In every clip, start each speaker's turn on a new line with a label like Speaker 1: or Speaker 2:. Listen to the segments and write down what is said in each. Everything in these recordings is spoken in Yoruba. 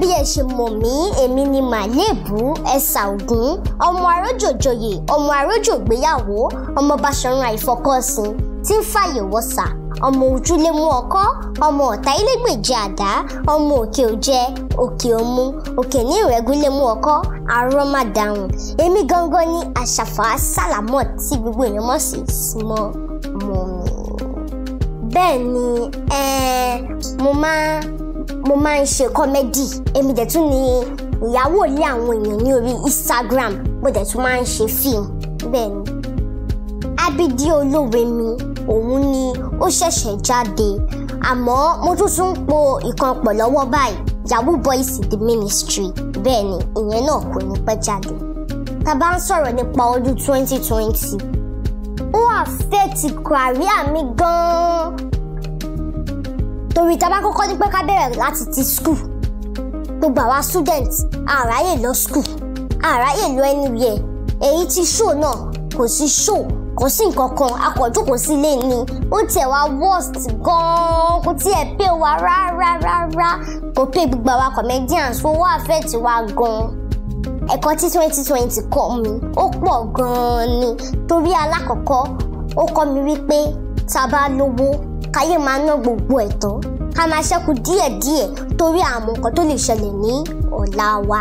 Speaker 1: bí ẹ ṣe mọ̀ mí èmi ni màlẹ́bù ẹ̀sà ògún ọmọ arójòjòyè ọmọ arójògbéyàwó ọmọ Báṣọ̀run àìfọkọ́sìn tí ń fàyè wọ̀sà ọmọ ojúlé mú ọkọ́ ọmọ ọ̀tá ilégbèjì àdá ọmọ òkè òjẹ òkè òmu òkè ní ìrẹ́gúnlé mú ọkọ́ àárọ̀ èmi gangan ni àṣàfà sàlámọ̀ tí gbogbo èèyàn mọ̀ sí small mummy bẹ́ẹ̀ ni mo máa mo máa ń ṣe kọ́mẹ́dì èmi dẹ̀ tún ni ìyàwó ilé àwọn èèyàn ní orí Instagram mo dẹ̀ tún máa ń ṣe fíìmù bẹ́ẹ̀ ni. Abídí olówe mi òun ni ó ṣẹ̀ṣẹ̀ jáde àmọ́ mo tún tún po ìkan pọ̀ lọ́wọ́ báyìí Yahoo Boys the Ministry bẹ́ẹ̀ ni ìyẹn náà kò ní pẹ́ jáde. tá bá ń sọ̀rọ̀ nípa ọdún 2020 ó àfẹ́ẹ̀tì kàríà mi gan-an torí tá a bá kọ́kọ́ ní pé ká bẹ̀rẹ̀ láti ti school gbogbo àwa student àráyè lọ school àráyè lọ anywhere èyí ti show náà kò sí show kò sí nǹkan kan akọ̀jú kò sí ilé ni ó tiẹ̀ wá worst gan-an kò tiẹ̀ pé wa rárá rárá kò pé gbogbo àwa comedians ó wá affect wa gan-an ẹ̀kọ́ tí twenty twenty kọ́ mi ó pọ̀ gan-an ni torí alákọ̀ọ́kọ́ ó kọ́ mi wípé tá bá lówó káyé máa ná gbogbo ẹ̀tọ́ ká máa ṣẹ́kù díẹ̀díẹ̀ torí àmọ́ nǹkan tó lè ṣẹlẹ̀ ní ọ̀la wa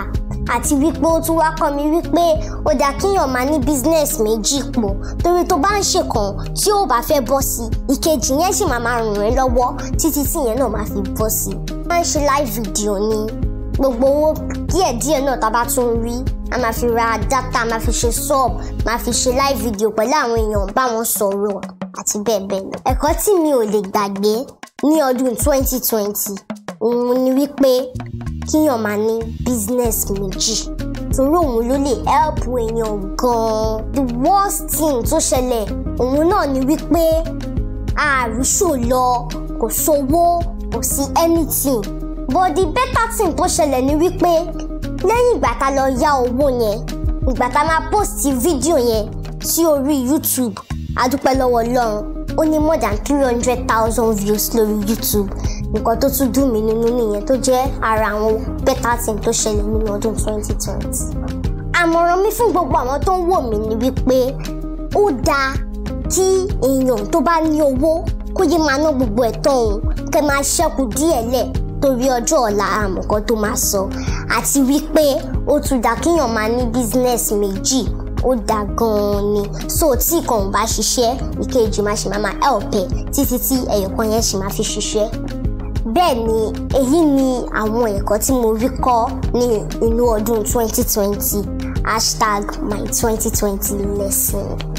Speaker 1: àti wípé ó tún wá kọ́ mi wípé ó dà kíyàn máa ní business méjì pọ̀ torí tó bá ń ṣe kàn tí ó bá fẹ́ bọ́ sí ìkejì yẹn sì máa máa ràn ẹ́ lọ́wọ́ títí tí yẹn náà máa fi bọ́ sí. máa ń ṣe live video ni gbogbo owó díẹ̀ díẹ̀ náà tá a bá tún rí a máa fi ra data máa fi ṣe sub máa fi ṣe live video pẹ̀lú àwọn èèyàn bá wọn sọ̀rọ̀ àti bẹ́ẹ̀ bẹ́ẹ̀ lọ. ẹ̀kọ́ tí mi ò lè gbàgbé ní ọdún 2020 òun ni wípé kíyàn máa ní business méjì torí òun ló lè help èèyàn gan-an. the worst thing tó ṣẹlẹ̀ òun náà ni wípé àrísò lọ kò sówó kò sí anything but the better thing tó ṣẹlẹ̀ ni wípé lẹ́yìn ìgbà tá lọ yá owó yẹn ìgbà tá máa post fídíò yẹn sí orí YouTube adúpẹ́ lọ́wọ́ Ọlọ́run ó ní more than three hundred thousand views lórí YouTube nǹkan tó tún dùn mí nínú nìyẹn tó jẹ́ ara àwọn better thing tó ṣẹlẹ̀ nínú ọdún twenty twenty. àmọ̀ràn mi fún gbogbo àwọn tó ń wò mí ni wípé ó dáa kí èèyàn tó bá ní owó kó yé máa ná gbogbo ẹ̀ tán òun kẹ́ máa ṣẹ́kù díẹ̀ lẹ̀ torí ọjọ́ ọ̀la àmọ̀kan tó máa sọ àti wípé ó tún dá kéèyàn máa ní business méjì ó dáa gan-an ni so tí ìkan ò bá ṣiṣẹ́ ìkejì máa ṣe máa máa help ẹ̀ títí tí ẹ̀yọ̀kan yẹn ṣì máa fi ṣiṣẹ́ bẹ́ẹ̀ ni èyí ni àwọn ẹ̀kọ́ tí mo rí kọ́ ní inú ọdún 2020 hashtag my 2020 lesson.